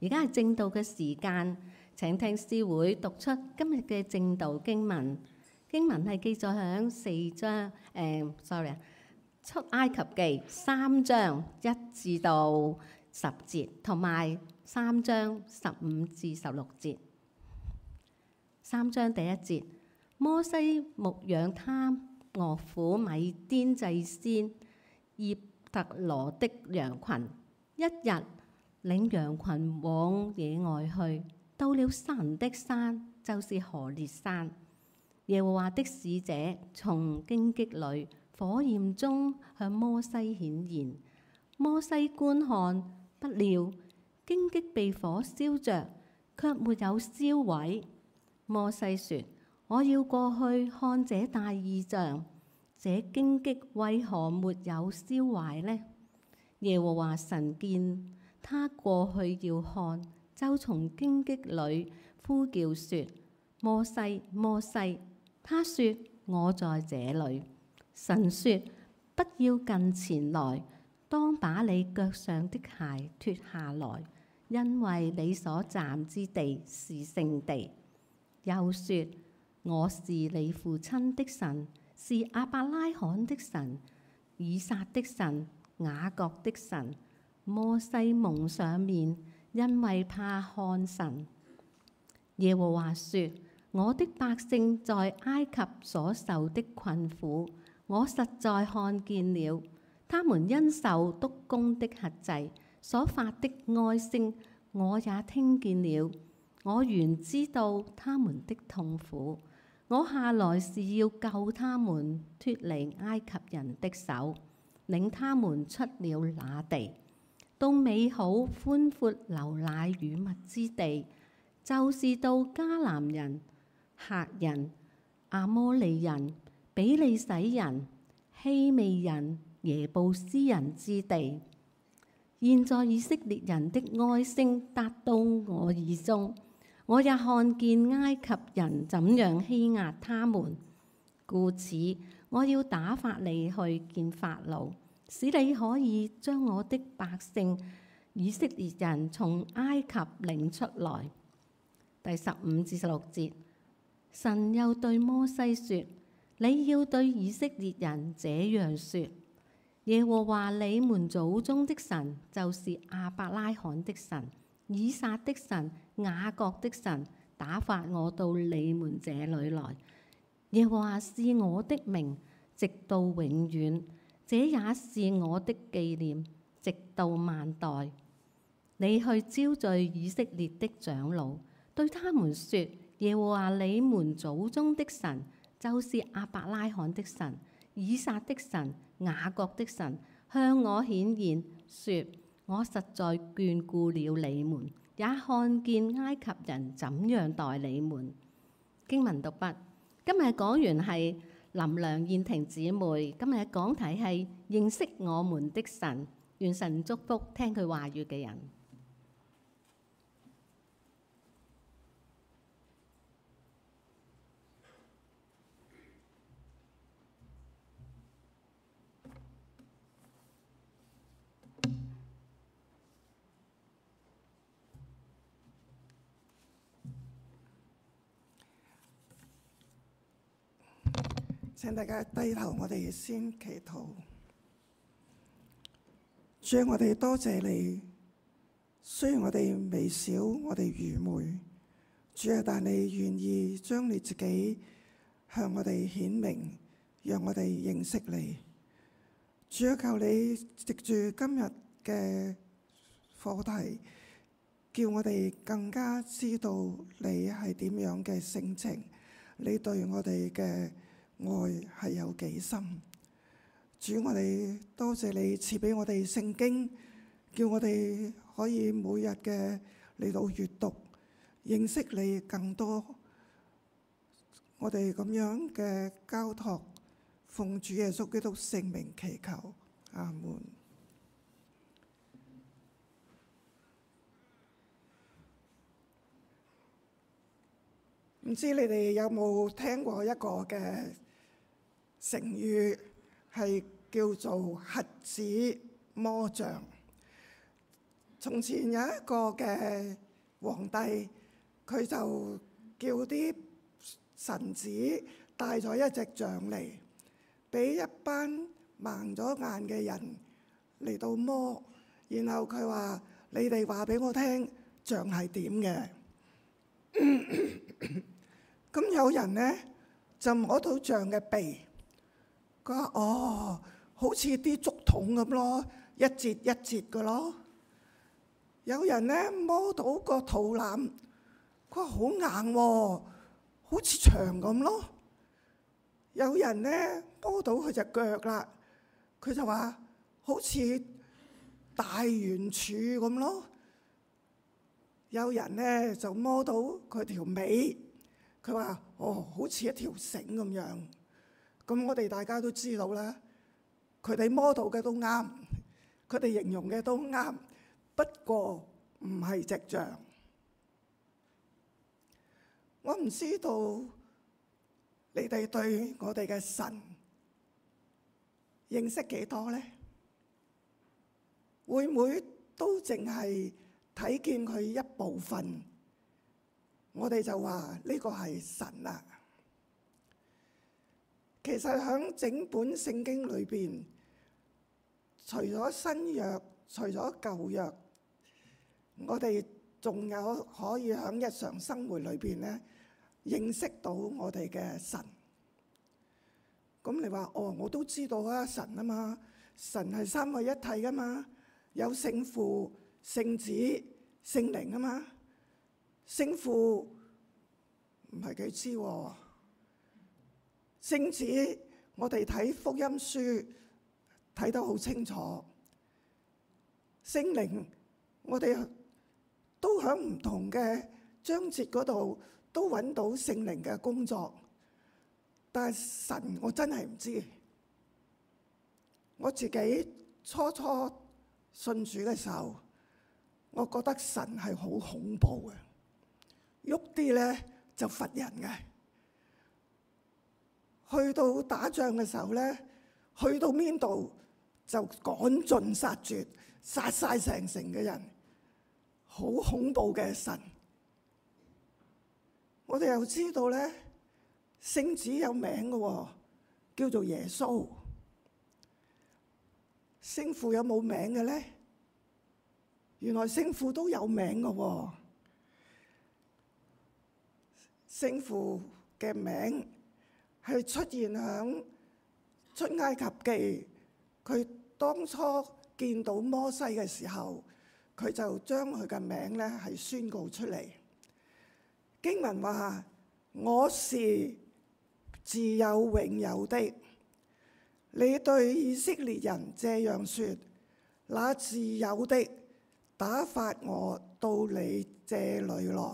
而家係正道嘅時間，請聽司會讀出今日嘅正道經文。經文係記載在響四章，s o r r y 啊，嗯、sorry, 出埃及記三章一至到十節，同埋三章十五至十六節。三章第一節，摩西牧養他岳父米甸祭司葉特羅的羊群。一日。領羊群往野外去，到了神的山，就是何烈山。耶和華的使者從荊棘裏火焰中向摩西顯現。摩西觀看，不料荊棘被火燒着，卻沒有燒毀。摩西說：我要過去看這大異象，這荊棘為何沒有燒壞呢？耶和華神見。他過去要看，就從荊棘裏呼叫說：摩西，摩西！他說：我在這裏。神說：不要近前來，當把你腳上的鞋脱下來，因為你所站之地是聖地。又說：我是你父親的神，是亞伯拉罕的神、以撒的神、雅各的神。摩西蒙上面，因為怕看神。耶和華說：我的百姓在埃及所受的困苦，我實在看見了；他們因受督工的轄制所發的哀聲，我也聽見了。我原知道他們的痛苦，我下來是要救他們脱離埃及人的手，領他們出了那地，到美好寬闊流奶與蜜之地，就是到迦南人、赫人、阿摩利人、比利洗人、希未人、耶布斯人之地。現在以色列人的哀聲達到我耳中，我也看見埃及人怎樣欺壓他們，故此我要打發你去見法老。使你可以將我的百姓以色列人從埃及領出來。第十五至十六節，神又對摩西說：你要對以色列人這樣說：耶和華你們祖宗的神就是亞伯拉罕的神、以撒的神、雅各的神，打發我到你們這裡來。耶和華是我的名，直到永遠。這也是我的紀念，直到萬代。你去招聚以色列的長老，對他們説：耶和華你們祖宗的神，就是亞伯拉罕的神、以撒的神、雅各的神，向我顯現，説：我實在眷顧了你們，也看見埃及人怎樣待你們。經文讀畢，今日講完係。林良燕婷姊妹，今日嘅講題係認識我們的神，願神祝福聽佢話語嘅人。請大家低頭，我哋先祈禱。主，我哋多謝你。雖然我哋微小，我哋愚昧，主啊，但你願意將你自己向我哋顯明，讓我哋認識你。主啊，求你藉住今日嘅課題，叫我哋更加知道你係點樣嘅性情，你對我哋嘅……愛係有幾深？主，我哋多謝你賜俾我哋聖經，叫我哋可以每日嘅嚟到閱讀，認識你更多。我哋咁樣嘅交託，奉主耶穌基督聖名祈求，阿門。唔知你哋有冇聽過一個嘅？成語係叫做瞎子摸象。從前有一個嘅皇帝，佢就叫啲臣子帶咗一隻象嚟，俾一班盲咗眼嘅人嚟到摸。然後佢話：你哋話俾我聽，象係點嘅？咁 有人呢，就摸到象嘅鼻。佢話：哦，好似啲竹筒咁咯，一節一節嘅咯。有人咧摸到個肚腩，佢話好硬喎，哦，好似牆咁咯。有人咧摸到佢隻腳啦，佢就話好似大圓柱咁咯。有人咧就摸到佢條尾，佢話：哦，好似一條繩咁樣。咁我哋大家都知道啦，佢哋摸到嘅都啱，佢哋形容嘅都啱，不過唔係隻象。我唔知道你哋對我哋嘅神認識幾多咧？會唔會都淨係睇見佢一部分？我哋就話呢個係神啊！其實喺整本聖經裏邊，除咗新約，除咗舊約，我哋仲有可以喺日常生活裏邊咧認識到我哋嘅神。咁你話哦，我都知道啊，神啊嘛，神係三位一體噶嘛，有聖父、聖子、聖靈啊嘛，聖父唔係幾知喎、啊。聖子，我哋睇福音書睇得好清楚。聖靈，我哋都喺唔同嘅章節嗰度都揾到聖靈嘅工作。但係神，我真係唔知。我自己初初信主嘅時候，我覺得神係好恐怖嘅，喐啲咧就罰人嘅。去到打仗嘅時候咧，去到邊度就趕盡殺絕，殺晒成城嘅人，好恐怖嘅神。我哋又知道咧，聖子有名嘅喎、哦，叫做耶穌。聖父有冇名嘅咧？原來聖父都有名嘅喎、哦，聖父嘅名。佢出現響出埃及記，佢當初見到摩西嘅時候，佢就將佢嘅名咧係宣告出嚟，經文話：我是自有永有的。你對以色列人這樣説，那自有的打發我到你這裏來。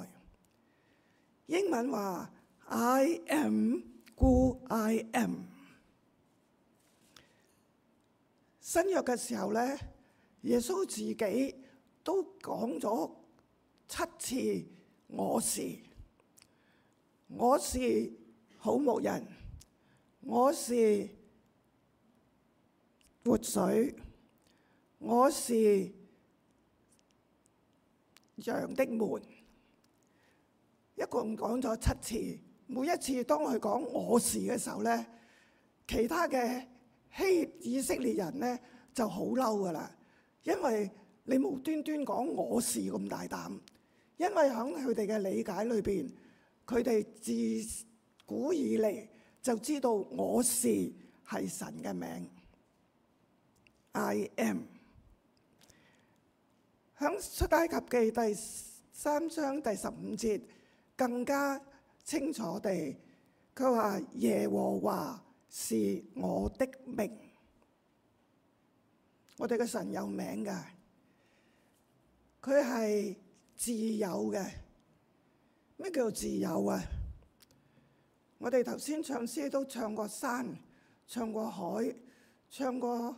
英文話：I am。故 I am，新約嘅時候咧，耶穌自己都講咗七次，我是，我是好牧人，我是活水，我是羊的門，一共講咗七次。每一次當佢講「我是」嘅時候咧，其他嘅希以色列人咧就好嬲噶啦，因為你無端端講「我是」咁大膽，因為喺佢哋嘅理解裏邊，佢哋自古以嚟就知道「我是」係神嘅名。 I am. 喺出埃及記第三章第十五節更加，清楚地，佢話耶和華是我的名。我哋嘅神有名㗎，佢係自由嘅。咩叫自由啊？我哋頭先唱詩都唱過山，唱過海，唱過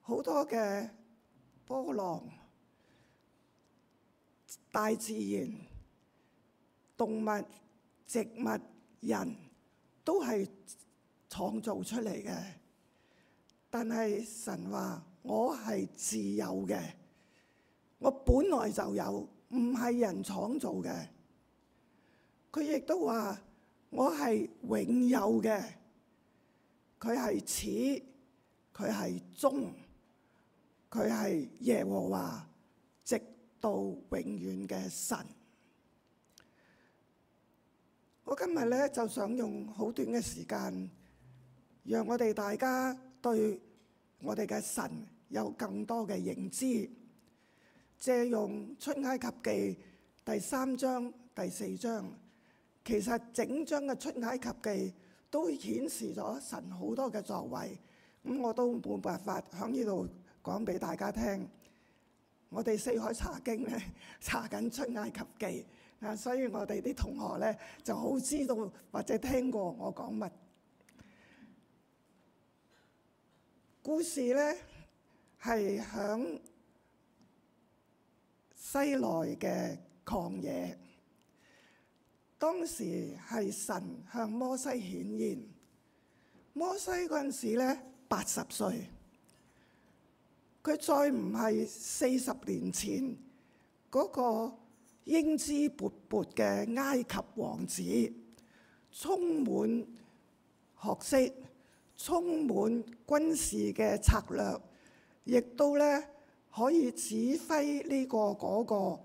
好多嘅波浪、大自然、動物。植物人都係創造出嚟嘅，但係神話我係自有嘅，我本來就有，唔係人創造嘅。佢亦都話我係永有嘅，佢係始，佢係終，佢係耶和華，直到永遠嘅神。我今日咧就想用好短嘅時間，讓我哋大家對我哋嘅神有更多嘅認知。借用出埃及記第三章第四章，其實整章嘅出埃及記都顯示咗神好多嘅作為。咁我都冇辦法喺呢度講俾大家聽。我哋四海查經咧查緊出埃及記。啊，所以我哋啲同學咧就好知道或者聽過我講乜故事咧，係響西奈嘅曠野。當時係神向摩西顯現，摩西嗰陣時咧八十歲，佢再唔係四十年前嗰個。英姿勃勃嘅埃及王子，充滿學識，充滿軍事嘅策略，亦都咧可以指揮呢個嗰個。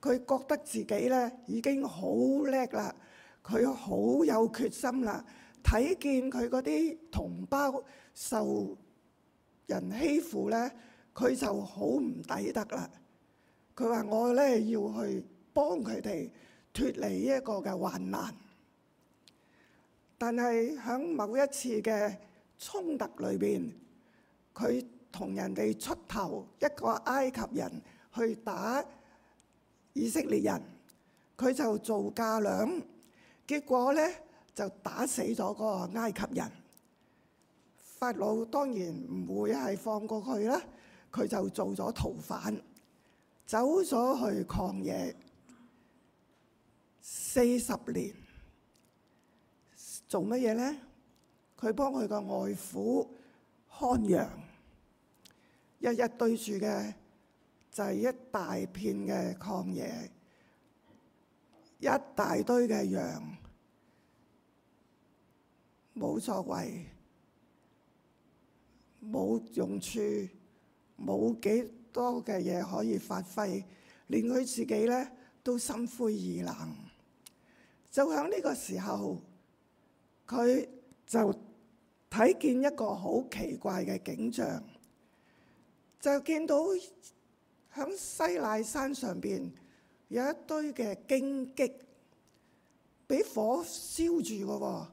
佢覺得自己咧已經好叻啦，佢好有決心啦。睇見佢嗰啲同胞受人欺負咧，佢就好唔抵得啦。佢話：我咧要去幫佢哋脫離呢一個嘅患難。但係喺某一次嘅衝突裏邊，佢同人哋出頭，一個埃及人去打以色列人，佢就做架樑，結果咧就打死咗嗰個埃及人。法老當然唔會係放過佢啦，佢就做咗逃犯。走咗去曠野四十年，做乜嘢咧？佢幫佢個外父看羊，日日對住嘅就係、是、一大片嘅曠野，一大堆嘅羊，冇作為，冇用處，冇幾多嘅嘢可以發揮，連佢自己咧都心灰意冷。就喺呢個時候，佢就睇見一個好奇怪嘅景象，就見到喺西奈山上邊有一堆嘅荊棘，俾火燒住嘅喎。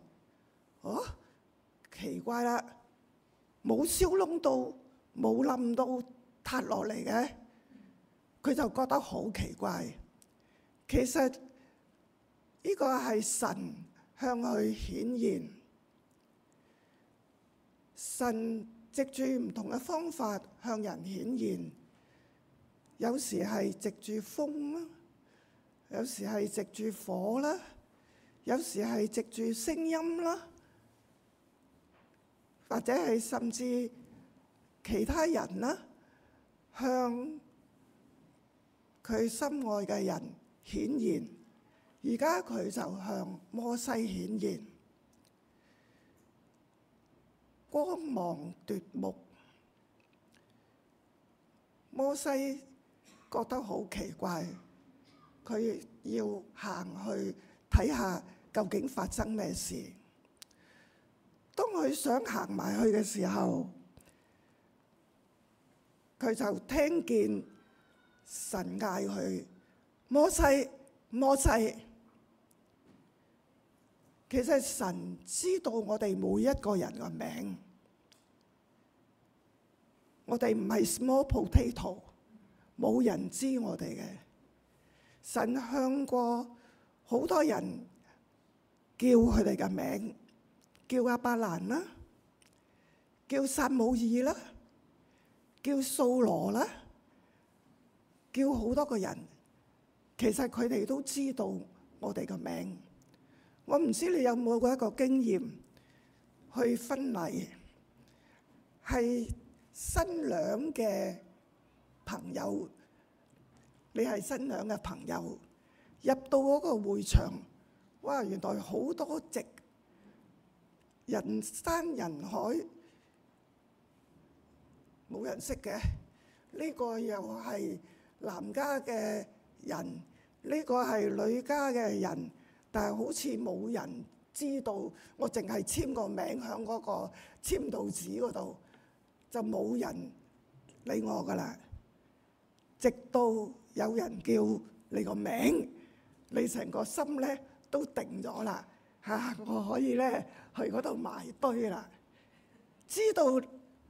哦，奇怪啦，冇燒窿到，冇冧到。塌落嚟嘅，佢就覺得好奇怪。其實呢個係神向佢顯現，神藉住唔同嘅方法向人顯現。有時係藉住風啦，有時係藉住火啦，有時係藉住聲音啦，或者係甚至其他人啦。向佢心愛嘅人顯現，而家佢就向摩西顯現，光芒奪目。摩西覺得好奇怪，佢要行去睇下究竟發生咩事。當佢想行埋去嘅時候，佢就聽見神嗌佢摩西，摩西。其實神知道我哋每一個人嘅名，我哋唔係 small potato，冇人知我哋嘅。神向過好多人叫佢哋嘅名，叫亞伯蘭啦，叫撒母耳啦。叫掃羅啦，叫好多個人，其實佢哋都知道我哋個名。我唔知你有冇嗰一個經驗，去婚禮係新娘嘅朋友，你係新娘嘅朋友入到嗰個會場，哇！原來好多席，人山人海。冇人識嘅，呢個又係男家嘅人，呢個係女家嘅人，但係好似冇人知道，我淨係簽個名喺嗰個簽到紙嗰度，就冇人理我㗎啦。直到有人叫你個名，你成個心咧都定咗啦，嚇、啊、我可以咧去嗰度埋堆啦，知道。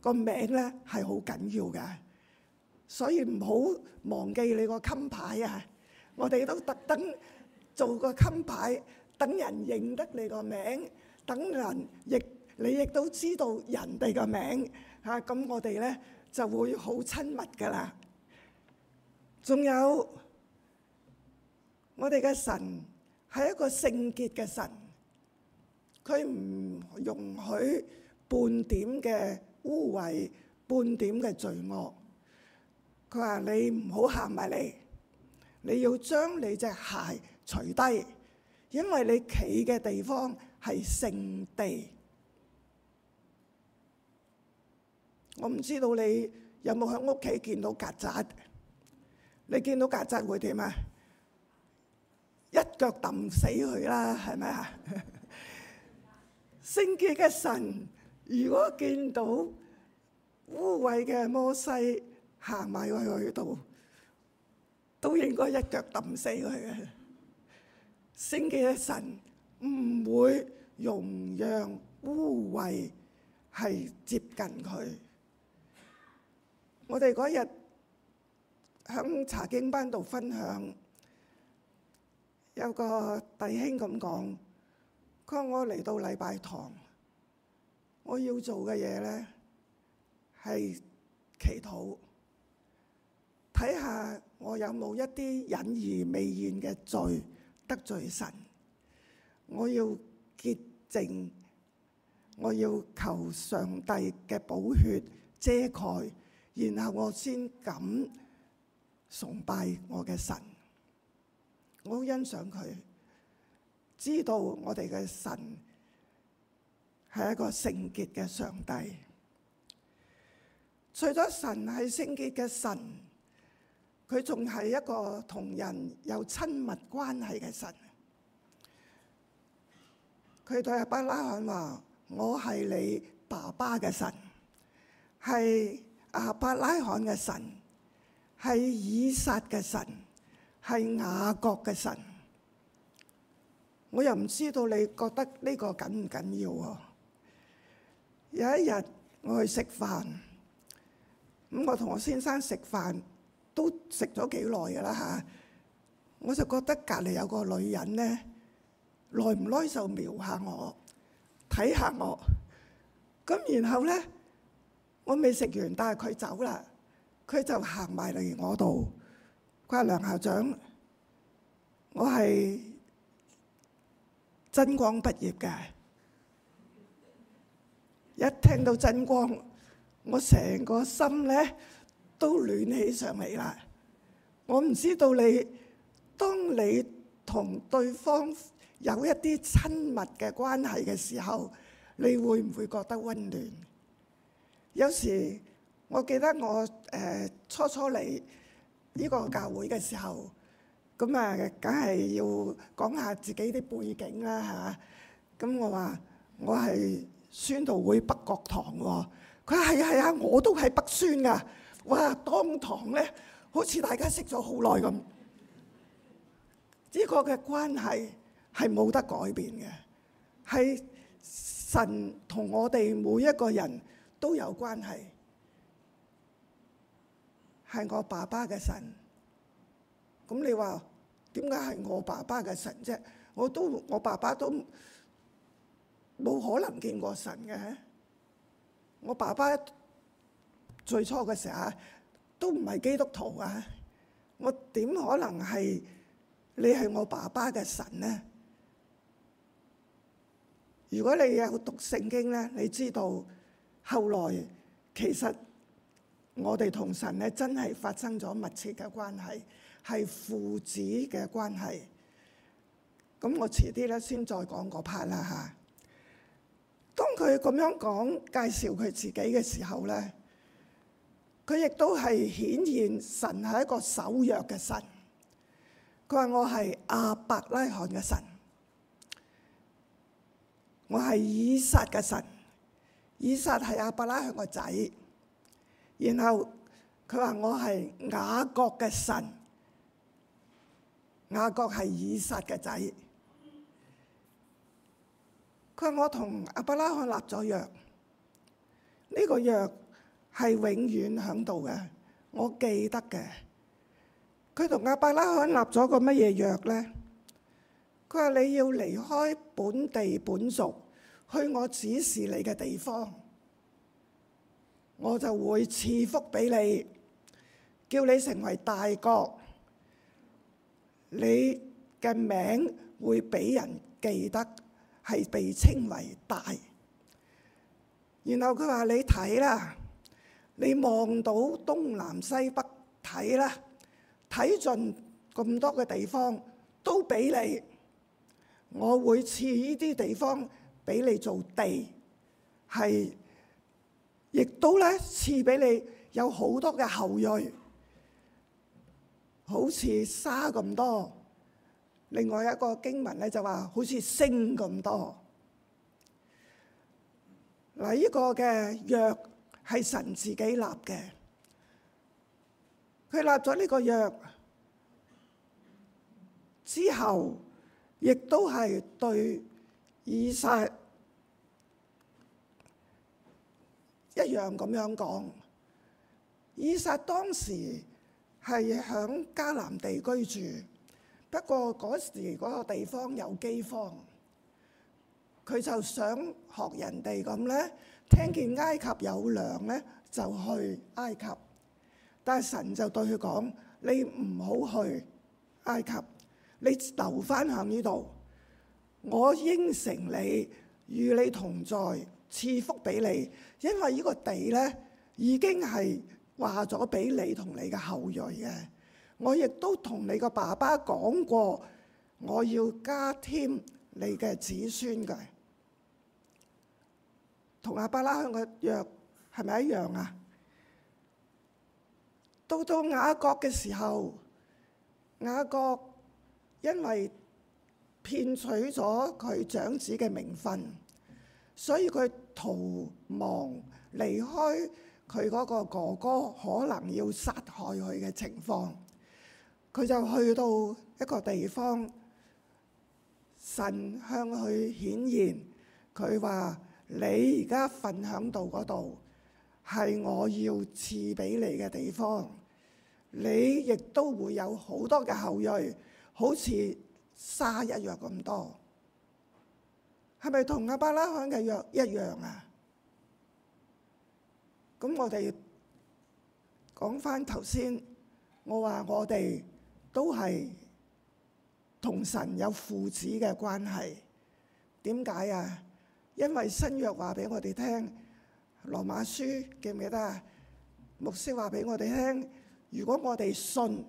個名咧係好緊要嘅，所以唔好忘記你個襟牌啊！我哋都特登做個襟牌，等人認得你個名，等人亦你亦都知道人哋個名吓。咁我哋咧就會好親密噶啦。仲有我哋嘅神係一個聖潔嘅神，佢唔容許半點嘅污穢，半點嘅罪惡，佢話，你唔好行埋嚟，你要將你隻鞋除低，因為你企嘅地方係聖地。我唔知道你有冇喺屋企見到曱甴，你見到曱甴會點啊？一腳揼死佢啦，係咪啊？ 聖潔嘅神。如果見到污穢嘅摩西行埋去佢度，都應該一腳揼死佢嘅。聖嘅神唔會容讓污穢係接近佢。我哋嗰日響查經班度分享，有個弟兄咁講：啱我嚟到禮拜堂。我要做嘅嘢呢，係祈禱，睇下我有冇一啲隱而未現嘅罪得罪神。我要潔淨，我要求上帝嘅寶血遮蓋，然後我先敢崇拜我嘅神。我好欣賞佢知道我哋嘅神。係一個聖潔嘅上帝。除咗神係聖潔嘅神，佢仲係一個同人有親密關係嘅神。佢對亞伯拉罕話：我係你爸爸嘅神，係亞伯拉罕嘅神，係以撒嘅神，係雅各嘅神。我又唔知道你覺得呢個緊唔緊要喎？有一日我去食飯，咁我同我先生食飯都食咗幾耐噶啦吓，我就覺得隔籬有個女人咧，耐唔耐就瞄下我，睇下我，咁然後咧我未食完，但係佢走啦，佢就行埋嚟我度，佢話梁校長，我係真光畢業嘅。一聽到真光，我成個心咧都暖起上嚟啦！我唔知道你，當你同對方有一啲親密嘅關係嘅時候，你會唔會覺得温暖？有時我記得我誒、呃、初初嚟呢個教會嘅時候，咁啊，梗係要講下自己啲背景啦，吓，咁我話我係。宣道會北角堂喎，佢話係啊，係啊，我都係北宣噶，哇！當堂咧，好似大家識咗好耐咁，呢個嘅關係係冇得改變嘅，係神同我哋每一個人都有關係，係我爸爸嘅神。咁你話點解係我爸爸嘅神啫？我都我爸爸都。冇可能見過神嘅。我爸爸最初嘅時候都唔係基督徒啊。我點可能係你係我爸爸嘅神呢？如果你有讀聖經呢，你知道後來其實我哋同神咧真係發生咗密切嘅關係，係父子嘅關係。咁我遲啲咧先再講嗰 part 啦嚇。當佢咁樣講介紹佢自己嘅時候咧，佢亦都係顯現神係一個守約嘅神。佢話我係亞伯拉罕嘅神，我係以撒嘅神，以撒係亞伯拉罕個仔。然後佢話我係雅各嘅神，雅各係以撒嘅仔。佢話：我同亞伯拉罕立咗約，呢個約係永遠響度嘅，我記得嘅。佢同亞伯拉罕立咗個乜嘢約咧？佢話：你要離開本地本族，去我指示你嘅地方，我就會賜福俾你，叫你成為大國，你嘅名會俾人記得。係被稱為大，然後佢話，你睇啦，你望到東南西北睇啦，睇盡咁多嘅地方都俾你，我會賜呢啲地方俾你做地，係亦都咧賜俾你有好多嘅後裔，好似沙咁多。另外一個經文咧就話，好似星咁多。嗱，呢個嘅約係神自己立嘅，佢立咗呢個約之後，亦都係對以撒一樣咁樣講。以撒當時係響迦南地居住。不過嗰時嗰個地方有饑荒，佢就想學人哋咁呢。聽見埃及有糧呢，就去埃及。但神就對佢講：你唔好去埃及，你留翻向呢度。我應承你，與你同在，賜福俾你，因為呢個地呢，已經係話咗俾你同你嘅後裔嘅。我亦都同你個爸爸講過，我要加添你嘅子孫嘅，同亞伯拉罕嘅約係咪一樣啊？到到雅各嘅時候，雅各因為騙取咗佢長子嘅名分，所以佢逃亡離開佢嗰個哥哥，可能要殺害佢嘅情況。佢就去到一個地方，神向佢顯現，佢話：你而家瞓響度嗰度係我要賜俾你嘅地方，你亦都會有好多嘅後裔，好似沙一樣咁多。係咪同亞伯拉罕嘅約一樣啊？咁我哋講翻頭先，我話我哋。都係同神有父子嘅關係。點解啊？因為新約話俾我哋聽，《羅馬書》記唔記得啊？牧師話俾我哋聽，如果我哋信，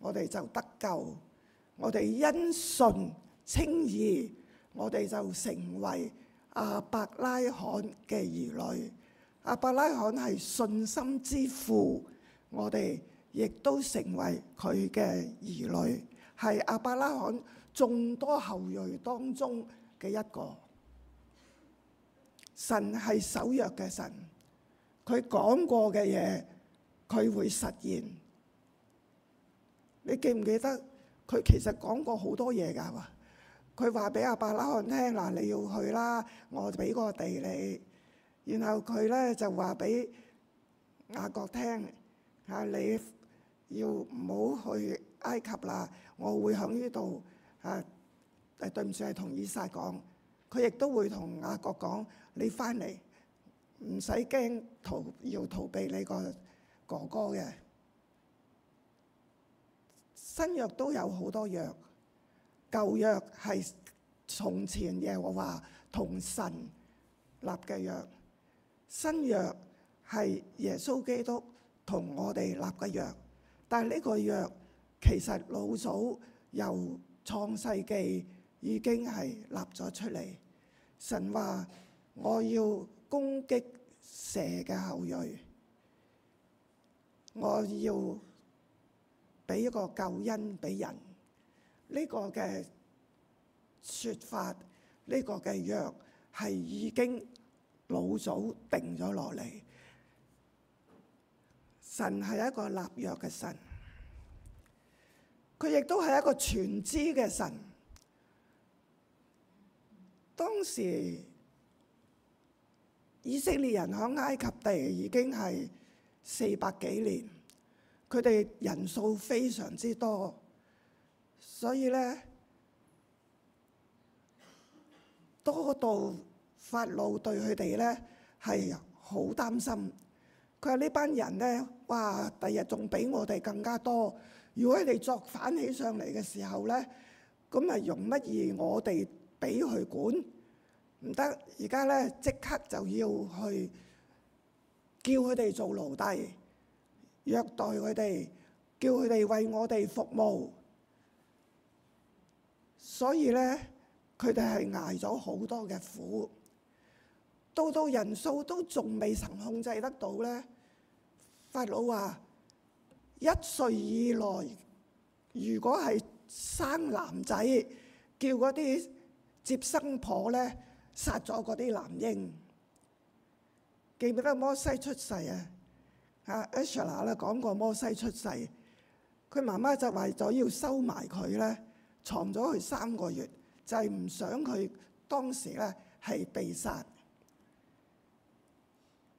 我哋就得救。我哋因信稱義，我哋就成為亞伯拉罕嘅兒女。亞伯拉罕係信心之父，我哋。亦都成為佢嘅兒女，係亞伯拉罕眾多後裔當中嘅一個。神係守約嘅神，佢講過嘅嘢，佢會實現。你記唔記得佢其實講過好多嘢㗎？佢話俾亞伯拉罕聽嗱，你要去啦，我俾嗰個地你。然後佢咧就話俾雅各聽嚇、啊，你。要唔好去埃及啦！我會響呢度啊。誒，對唔住，係同以撒講，佢亦都會同雅各講：你翻嚟唔使驚逃，要逃避你個哥哥嘅。新約都有好多約，舊約係從前耶和華同神立嘅約，新約係耶穌基督同我哋立嘅約。但係呢個約其實老早由創世記已經係立咗出嚟。神話我要攻擊蛇嘅後裔，我要俾一個救恩俾人。呢個嘅説法，呢個嘅約係已經老早定咗落嚟。神係一個立約嘅神，佢亦都係一個全知嘅神。當時以色列人響埃及地已經係四百幾年，佢哋人數非常之多，所以咧，多到法老對佢哋咧，係好擔心。佢話呢班人呢，哇！第日仲比我哋更加多。如果佢哋作反起上嚟嘅時候呢，咁啊容乜易我哋俾佢管？唔得，而家呢即刻就要去叫佢哋做奴隸，虐待佢哋，叫佢哋為我哋服務。所以呢，佢哋係捱咗好多嘅苦，到到人數都仲未曾控制得到呢。法老話：一歲以來，如果係生男仔，叫嗰啲接生婆咧殺咗嗰啲男嬰。記唔記得摩西出世啊？啊，阿 a 納咧講過摩西出世，佢媽媽就為咗要收埋佢咧，藏咗佢三個月，就係唔想佢當時咧係被殺。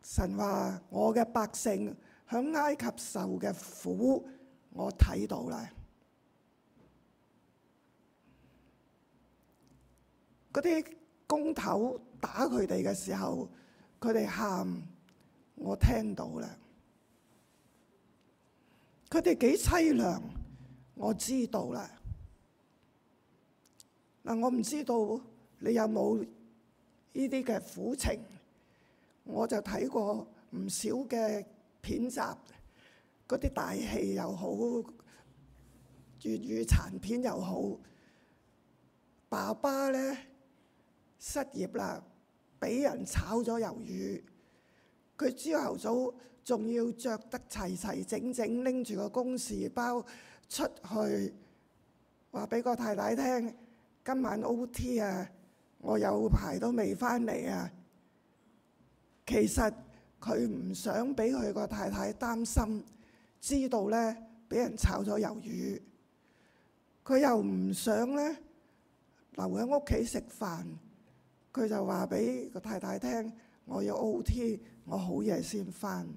神話，我嘅百姓喺埃及受嘅苦，我睇到啦。嗰啲工頭打佢哋嘅時候，佢哋喊，我聽到啦。佢哋幾凄涼，我知道啦。嗱，我唔知道你有冇呢啲嘅苦情，我就睇過唔少嘅。片集嗰啲大戲又好，粵語殘片又好。爸爸咧失業啦，俾人炒咗魷魚。佢朝頭早仲要着得齊齊整整，拎住個公事包出去，話俾個太太聽：今晚 OT 啊，我有排都未返嚟啊。其實。佢唔想俾佢個太太擔心，知道咧俾人炒咗魷魚，佢又唔想咧留喺屋企食飯，佢就話俾個太太聽：我要 O.T.，我好夜先返。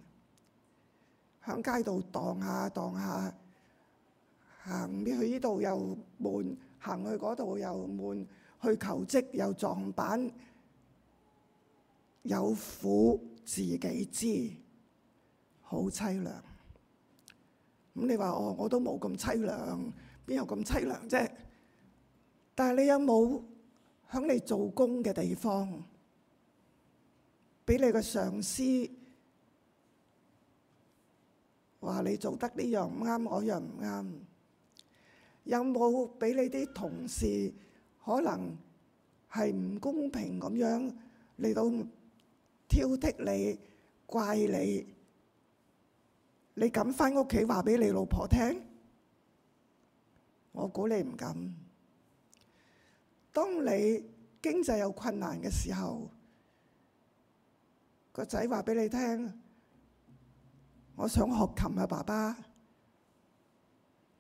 響街度蕩下蕩下，行去呢度又悶，行去嗰度又悶，去求職又撞板，有苦。自己知，好凄涼。咁、嗯、你話哦，我都冇咁凄涼，邊有咁凄涼啫？但係你有冇響你做工嘅地方，俾你個上司話你做得呢樣唔啱，嗰樣唔啱？有冇俾你啲同事可能係唔公平咁樣嚟到？挑剔你、怪你，你敢翻屋企話俾你老婆聽？我估你唔敢。當你經濟有困難嘅時候，個仔話俾你聽：我想學琴啊，爸爸。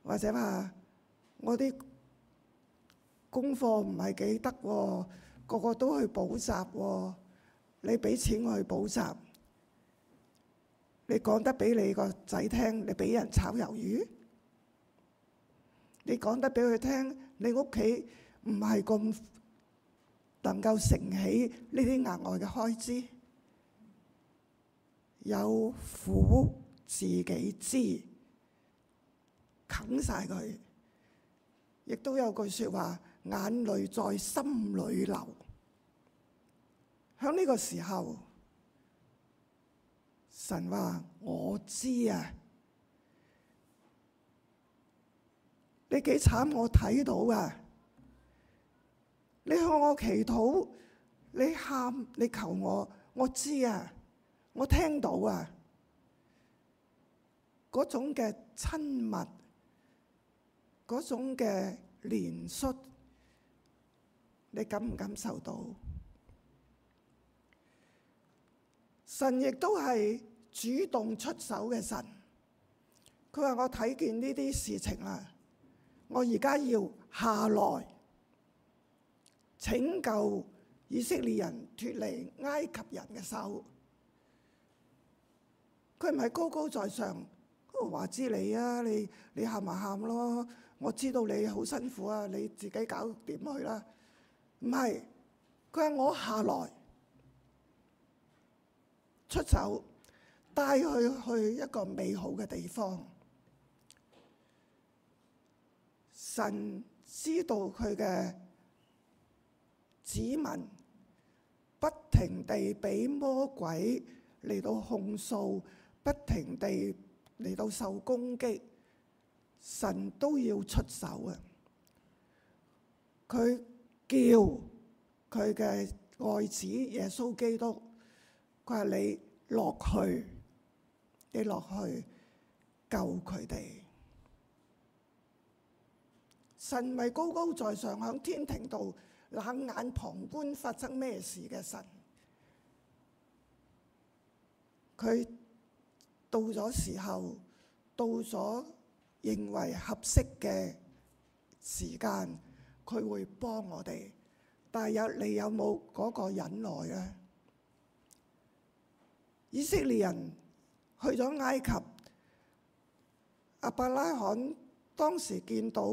或者話我啲功課唔係幾得，個個都去補習啊。你俾錢我去補習，你講得俾你個仔聽，你俾人炒魷魚，你講得俾佢聽，你屋企唔係咁能夠承起呢啲額外嘅開支，有苦自己知，啃晒佢，亦都有句說話，眼淚在心裡流。喺呢個時候，神話我知啊，你幾慘我睇到啊，你向我祈禱，你喊你求我，我知啊，我聽到啊，嗰種嘅親密，嗰種嘅憐恤，你感唔感受到？神亦都係主動出手嘅神，佢話：我睇見呢啲事情啊，我而家要下來拯救以色列人脫離埃及人嘅手。佢唔係高高在上，話知你啊，你你，喊咪喊咯，我知道你好辛苦啊，你自己搞點去啦。唔係，佢話我下來。出手，帶佢去一個美好嘅地方。神知道佢嘅子民不停地俾魔鬼嚟到控訴，不停地嚟到受攻擊，神都要出手啊！佢叫佢嘅愛子耶穌基督，話你落去，你落去救佢哋。神咪高高在上，響天庭度冷眼旁觀發生咩事嘅神，佢到咗時候，到咗認為合適嘅時間，佢會幫我哋。但係有你有冇嗰個忍耐咧？以色列人去咗埃及，阿伯拉罕當時見到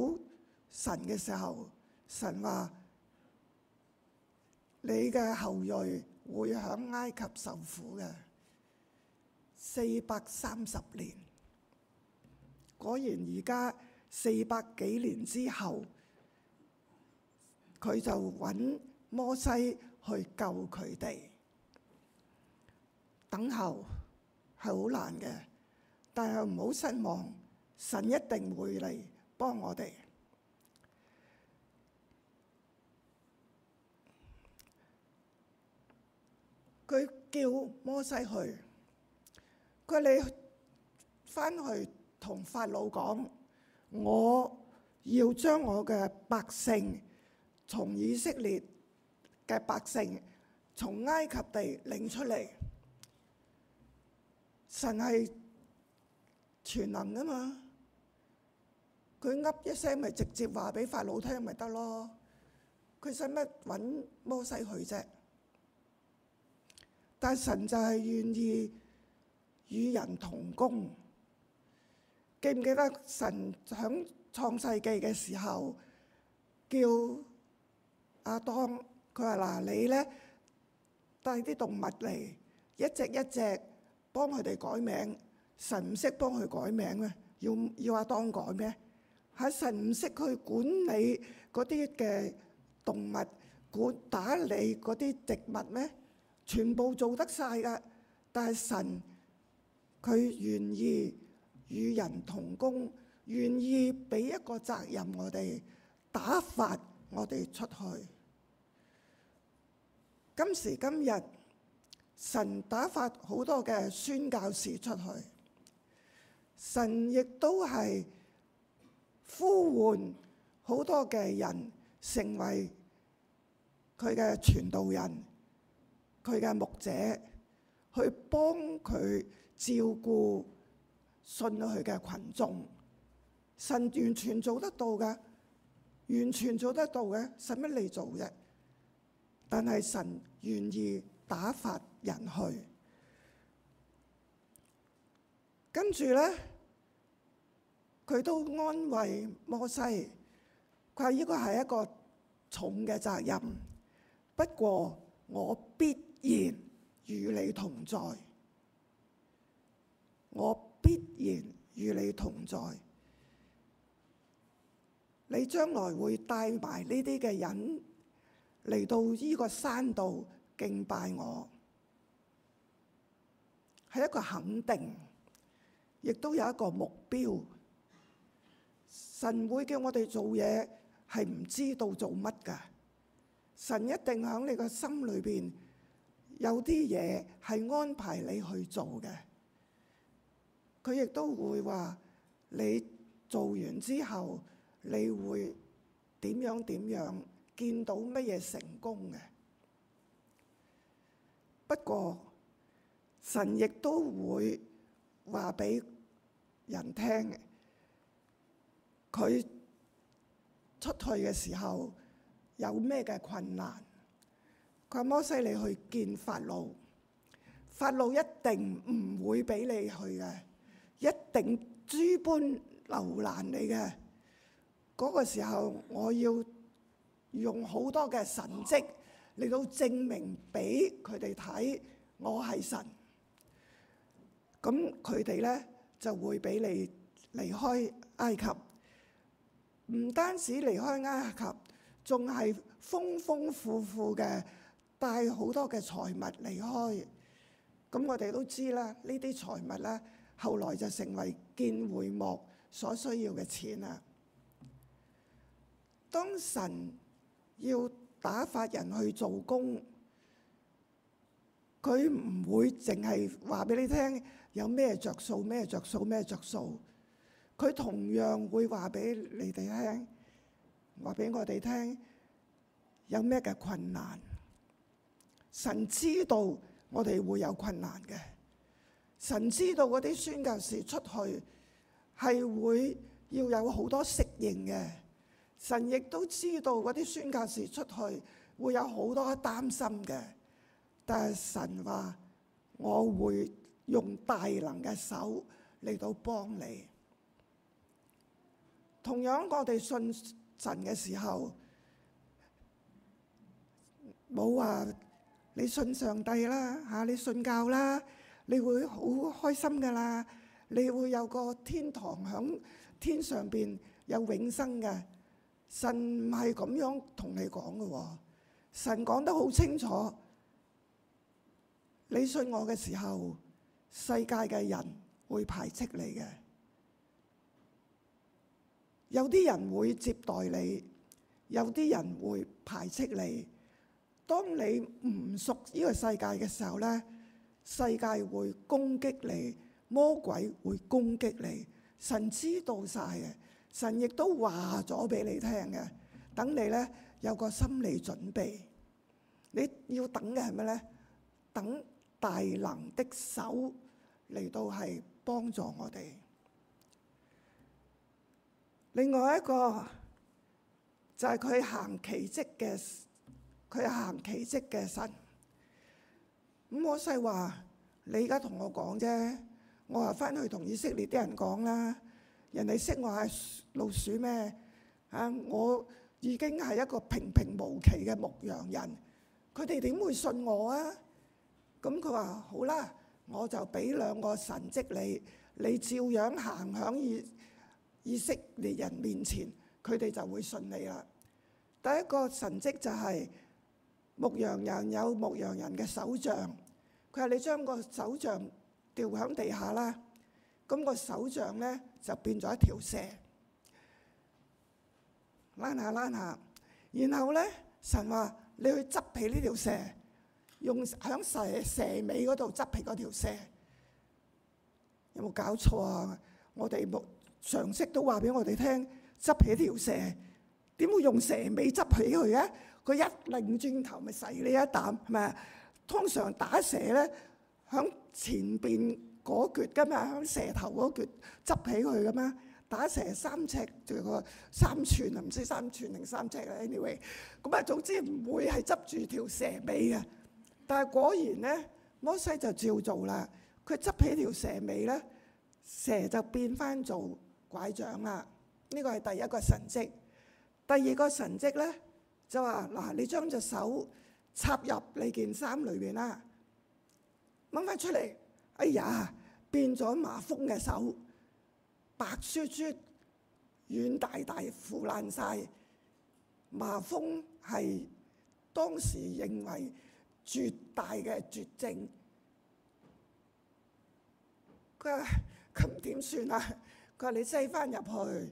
神嘅時候，神話你嘅後裔會喺埃及受苦嘅。四百三十年，果然而家四百幾年之後，佢就揾摩西去救佢哋。等候係好難嘅，但係唔好失望，神一定會嚟幫我哋。佢叫摩西去，佢你翻去同法老講，我要將我嘅百姓從以色列嘅百姓從埃及地領出嚟。神係全能噶嘛？佢噏一聲咪直接話俾法老聽咪得咯。佢使乜揾摩西去啫？但神就係願意與人同工。記唔記得神響創世記嘅時候叫阿當？佢話嗱，你咧帶啲動物嚟，一隻一隻，幫佢哋改名，神唔識幫佢改名咩？要要阿當改咩？係神唔識去管理嗰啲嘅動物，管打理嗰啲植物咩？全部做得晒噶，但係神佢願意與人同工，願意俾一個責任我哋打發我哋出去。今時今日。神打發好多嘅宣教士出去，神亦都係呼喚好多嘅人成為佢嘅傳道人、佢嘅牧者，去幫佢照顧信咗佢嘅群眾，神完全做得到嘅，完全做得到嘅，使乜你做啫？但係神願意。打發人去，跟住呢，佢都安慰摩西，佢話：呢個係一個重嘅責任，不過我必然與你同在，我必然與你同在。你將來會帶埋呢啲嘅人嚟到呢個山度。敬拜我，係一個肯定，亦都有一個目標。神會叫我哋做嘢，係唔知道做乜噶。神一定響你個心裏邊有啲嘢，係安排你去做嘅。佢亦都會話你做完之後，你會點樣點樣，見到乜嘢成功嘅。不過，神亦都會話俾人聽佢出去嘅時候有咩嘅困難，佢，摩西你去見法老，法老一定唔會俾你去嘅，一定諸般留難你嘅。嗰、那個時候，我要用好多嘅神蹟。嚟到證明俾佢哋睇，我係神。咁佢哋咧就會俾你離開埃及。唔單止離開埃及，仲係豐豐富富嘅帶好多嘅財物離開。咁我哋都知啦，財呢啲財物咧後來就成為建會幕所需要嘅錢啦。當神要打發人去做工，佢唔會淨係話俾你聽有咩着數，咩着數，咩着數。佢同樣會話俾你哋聽，話俾我哋聽，有咩嘅困難。神知道我哋會有困難嘅，神知道嗰啲宣教士出去係會要有好多適應嘅。神亦都知道嗰啲宣教士出去會有好多擔心嘅，但係神話我會用大能嘅手嚟到幫你。同樣，我哋信神嘅時候冇話你信上帝啦嚇、啊，你信教啦，你會好開心噶啦，你會有個天堂響天上邊有永生嘅。神唔係咁樣同你講噶哦，神講得好清楚。你信我嘅時候，世界嘅人會排斥你嘅。有啲人會接待你，有啲人會排斥你。當你唔屬呢個世界嘅時候呢，世界會攻擊你，魔鬼會攻擊你。神知道晒嘅。神亦都話咗俾你聽嘅，等你咧，有個心理準備。你要等嘅係咩咧？等大能的手嚟到係幫助我哋。另外一個就係佢行奇蹟嘅，佢行奇蹟嘅神。咁我細話你而家同我講啫，我話翻去同以色列啲人講啦。人哋識我係老鼠咩？啊，我已經係一個平平無奇嘅牧羊人，佢哋點會信我啊？咁佢話好啦，我就俾兩個神蹟你，你照樣行響以色列人面前，佢哋就會信你啦。第一個神蹟就係、是、牧羊人有牧羊人嘅手杖，佢話你將個手杖掉響地下啦。咁個手杖咧就變咗一條蛇，攣下攣下，然後咧，神話你去執起呢條蛇，用響蛇蛇尾嗰度執起嗰條蛇，有冇搞錯啊？我哋常識都話俾我哋聽，執起條蛇點會用蛇尾執起佢嘅？佢一擰轉頭咪噬你一啖，係咪啊？通常打蛇咧響前邊。嗰橛今日響蛇頭嗰橛執起佢咁樣，打蛇三尺，仲個三寸啊？唔知三寸定三尺啊？Anyway，咁啊，總之唔會係執住條蛇尾嘅。但係果然咧，摩西就照做啦。佢執起條蛇尾咧，蛇就變翻做拐杖啦。呢個係第一個神跡。第二個神跡咧，就話嗱，你將隻手插入你件衫裏邊啦，掹翻出嚟，哎呀！變咗麻風嘅手，白雪雪、軟大大、腐爛晒。麻風係當時認為絕大嘅絕症。佢話：咁點算啊？佢話：你擠翻入去，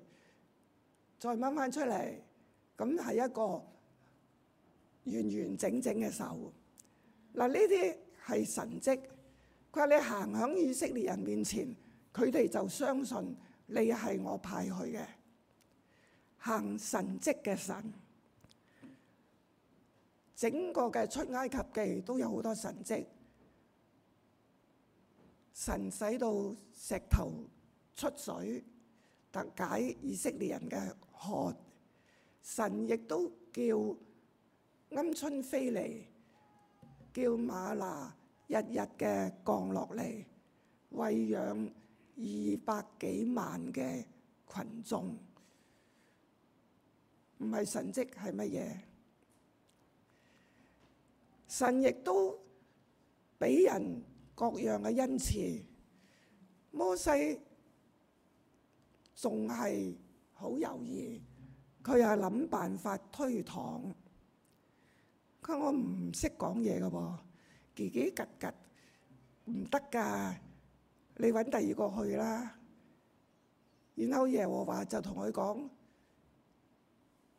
再掹翻出嚟，咁係一個完完整整嘅手。嗱，呢啲係神蹟。佢話，你行喺以色列人面前，佢哋就相信你係我派去嘅行神蹟嘅神。整個嘅出埃及記都有好多神蹟，神使到石頭出水，特解以色列人嘅渴。神亦都叫鵪鶉飛嚟，叫瑪拿。日日嘅降落嚟，餵養二百幾萬嘅群眾，唔係神蹟係乜嘢？神亦都俾人各樣嘅恩賜。摩西仲係好猶豫，佢又係諗辦法推搪。佢話：我唔識講嘢㗎噃。自己格格唔得噶，你搵第二個去啦。然後耶和華就同佢講：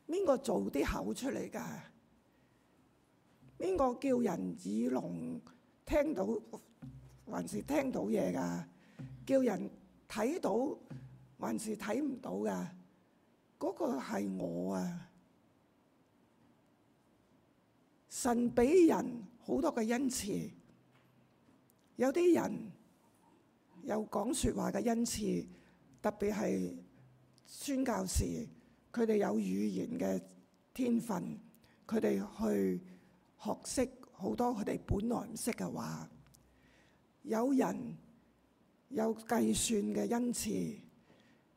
邊個做啲口出嚟噶？邊個叫人耳聾？聽到還是聽到嘢噶？叫人睇到還是睇唔到噶？嗰個係我啊！神俾人。好多嘅恩賜，有啲人有講説話嘅恩賜，特別係宣教士，佢哋有語言嘅天分，佢哋去學識好多佢哋本來唔識嘅話。有人有計算嘅恩賜，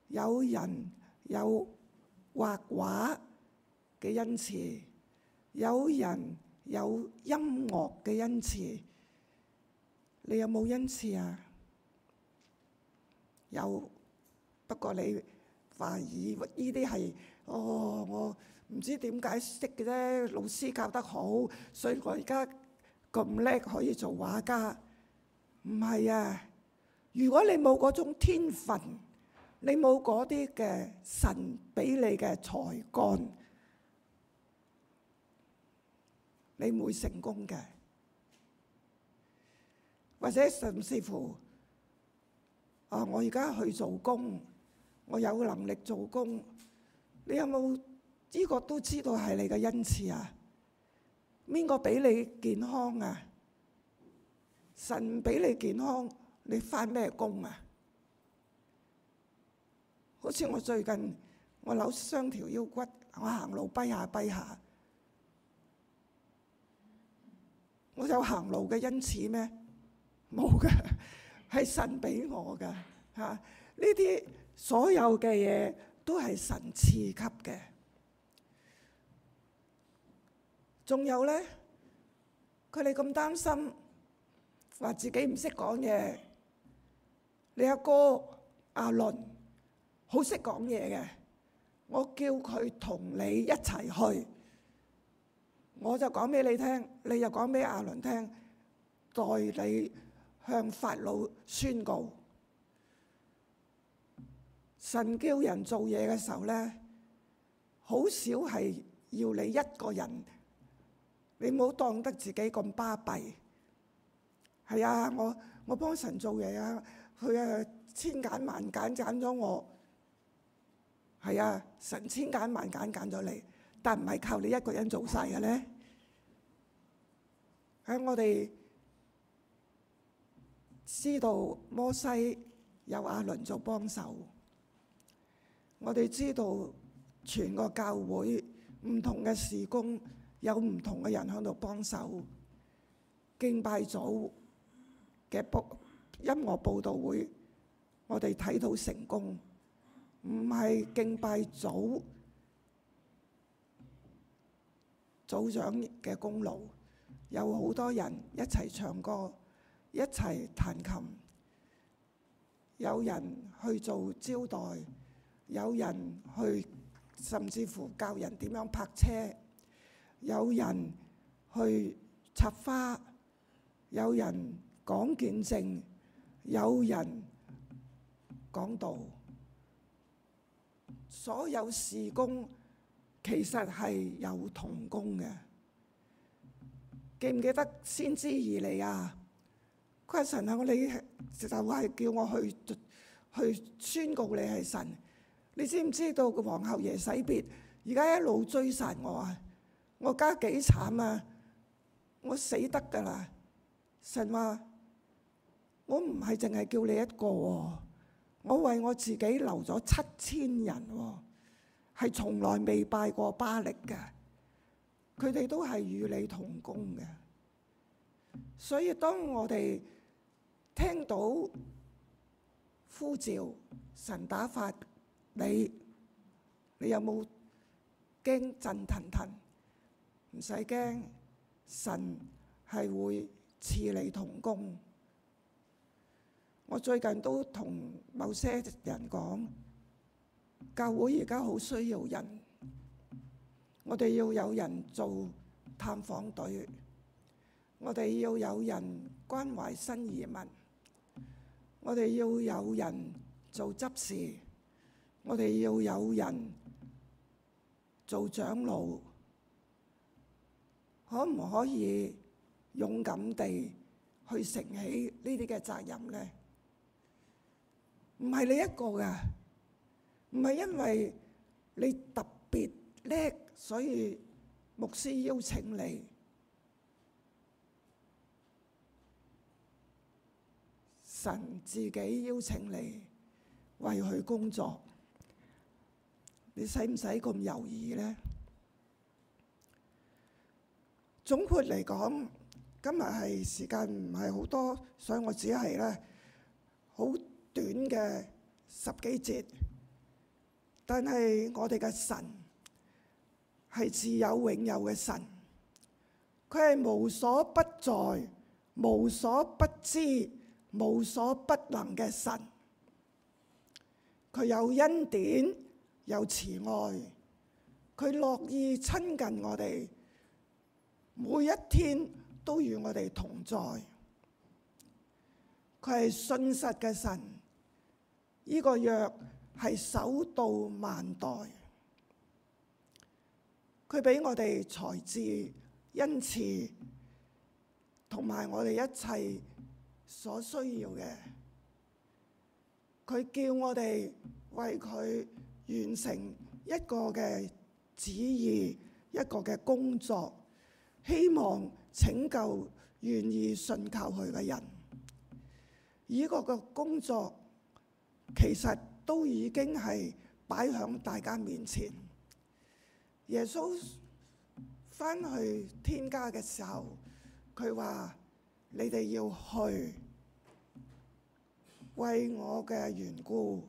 有人有畫畫嘅恩賜，有人有畫畫。有人有音樂嘅恩賜，你有冇恩賜啊？有，不過你話以呢啲係，哦，我唔知點解識嘅啫。老師教得好，所以我而家咁叻可以做畫家。唔係啊！如果你冇嗰種天分，你冇嗰啲嘅神俾你嘅才幹。你唔會成功嘅，或者甚至乎啊，我而家去做工，我有能力做工，你有冇呢個都知道係你嘅恩賜啊？邊個俾你健康啊？神俾你健康，你翻咩工啊？好似我最近我扭傷條腰骨，我行路跛下跛下。我有行路嘅恩賜咩？冇噶，係神俾我噶吓。呢啲所有嘅嘢都係神賜給嘅。仲有咧，佢哋咁擔心，話自己唔識講嘢。你阿哥亞倫好識講嘢嘅，我叫佢同你一齊去。我就講俾你聽，你又講俾阿倫聽，代你向法老宣告。神叫人做嘢嘅時候咧，好少係要你一個人。你唔好當得自己咁巴閉。係啊，我我幫神做嘢啊，佢啊千揀萬揀揀咗我。係啊，神千揀萬揀揀咗你。但唔係靠你一個人做晒嘅咧。喺我哋知道摩西有阿倫做幫手，我哋知道全個教會唔同嘅事工有唔同嘅人喺度幫手，敬拜組嘅報音樂報道會，我哋睇到成功，唔係敬拜組。組長嘅功勞，有好多人一齊唱歌，一齊彈琴，有人去做招待，有人去甚至乎教人點樣泊車，有人去插花，有人講見證，有人講道，所有事工。其實係有同工嘅，記唔記得先知以利亞啊？佢話神啊，我你就係叫我去去宣告你係神。你知唔知道皇后耶洗別，而家一路追殺我啊！我家幾慘啊！我死得㗎喇！神話我唔係淨係叫你一個喎、啊，我為我自己留咗七千人喎、啊。係從來未拜過巴力嘅，佢哋都係與你同工嘅。所以當我哋聽到呼召，神打發你，你有冇驚震騰騰？唔使驚，神係會與你同工。我最近都同某些人講。教會而家好需要人，我哋要有人做探訪隊，我哋要有人關懷新移民，我哋要有人做執事，我哋要有人做長老，可唔可以勇敢地去承起呢啲嘅責任咧？唔係你一個㗎。唔係因為你特別叻，所以牧師邀請你。神自己邀請你為佢工作，你使唔使咁猶豫呢？總括嚟講，今日係時間唔係好多，所以我只係咧好短嘅十幾節。但係我哋嘅神係自有永有嘅神，佢係無所不在、無所不知、無所不能嘅神。佢有恩典，有慈愛，佢樂意親近我哋，每一天都與我哋同在。佢係信實嘅神，呢個約，係守到萬代，佢俾我哋才智、恩慈，同埋我哋一切所需要嘅。佢叫我哋為佢完成一個嘅旨意，一個嘅工作，希望拯救願意信靠佢嘅人。依個嘅工作其實～都已經係擺喺大家面前。耶穌翻去天家嘅時候，佢話：你哋要去為我嘅緣故，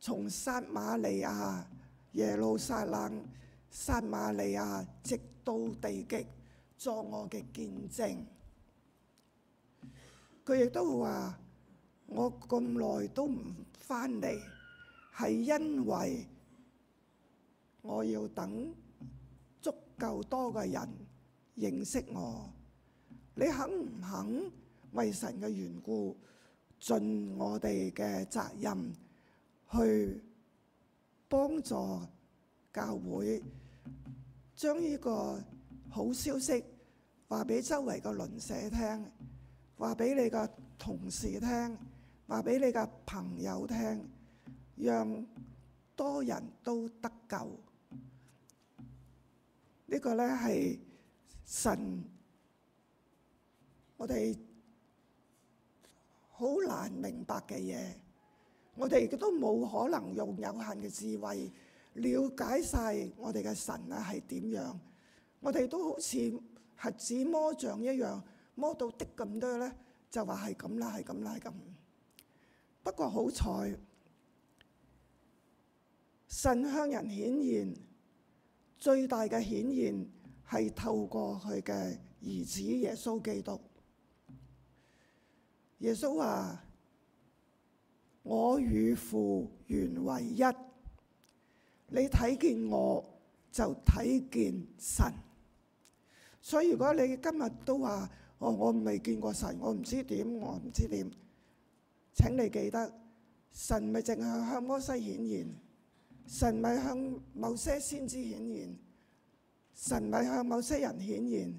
從撒瑪利亞、耶路撒冷、撒瑪利亞直到地極，作我嘅見證。佢亦都話。我咁耐都唔翻嚟，係因為我要等足夠多嘅人認識我。你肯唔肯為神嘅緣故盡我哋嘅責任，去幫助教會將呢個好消息話俾周圍嘅鄰舍聽，話俾你嘅同事聽。話俾你嘅朋友聽，讓多人都得救。呢個咧係神，我哋好難明白嘅嘢。我哋都冇可能用有限嘅智慧瞭解曬我哋嘅神啊，係點樣，我哋都好似瞎子摸象一樣，摸到啲咁多咧，就話係咁啦，係咁啦，係咁。不過好彩，神向人顯現，最大嘅顯現係透過佢嘅兒子耶穌基督。耶穌話：我與父原為一，你睇見我就睇見神。所以如果你今日都話我、哦、我未見過神，我唔知點，我唔知點。請你記得，神咪淨係向摩西顯現，神咪向某些先知顯現，神咪向某些人顯現，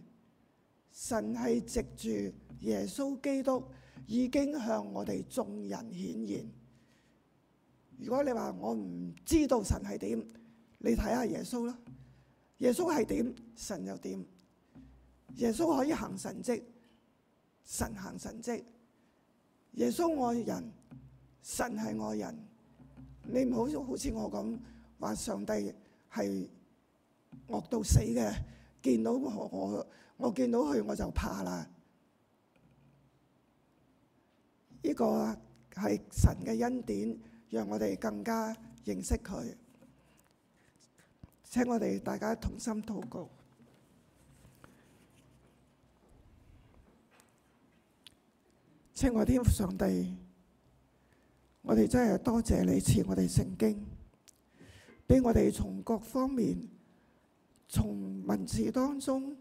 神係藉住耶穌基督已經向我哋眾人顯現。如果你話我唔知道神係點，你睇下耶穌囉。耶穌係點，神又點。耶穌可以行神跡，神行神跡。耶穌愛人，神係愛人，你唔好好似我咁話上帝係惡到死嘅，見到我我見到佢我就怕啦。呢個係神嘅恩典，讓我哋更加認識佢，請我哋大家同心禱告。親愛嘅天父上帝，我哋真係多謝你賜我哋聖經，俾我哋從各方面、從文字當中、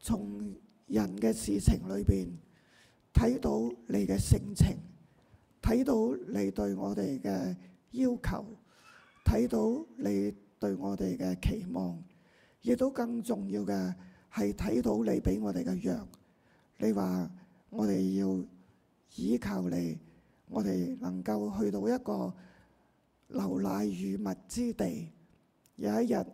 從人嘅事情裏面睇到你嘅性情，睇到你對我哋嘅要求，睇到你對我哋嘅期望，亦都更重要嘅係睇到你俾我哋嘅約。你話我哋要。以求你，我哋能夠去到一個流奶與蜜之地。有一日，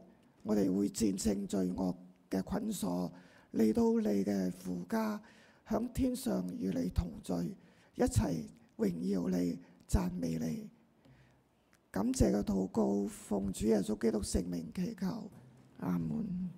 我哋會戰勝罪惡嘅捆鎖，嚟到你嘅父家，響天上與你同聚，一齊榮耀你、讚美你。感謝嘅禱告，奉主耶穌基督聖名祈求，阿門。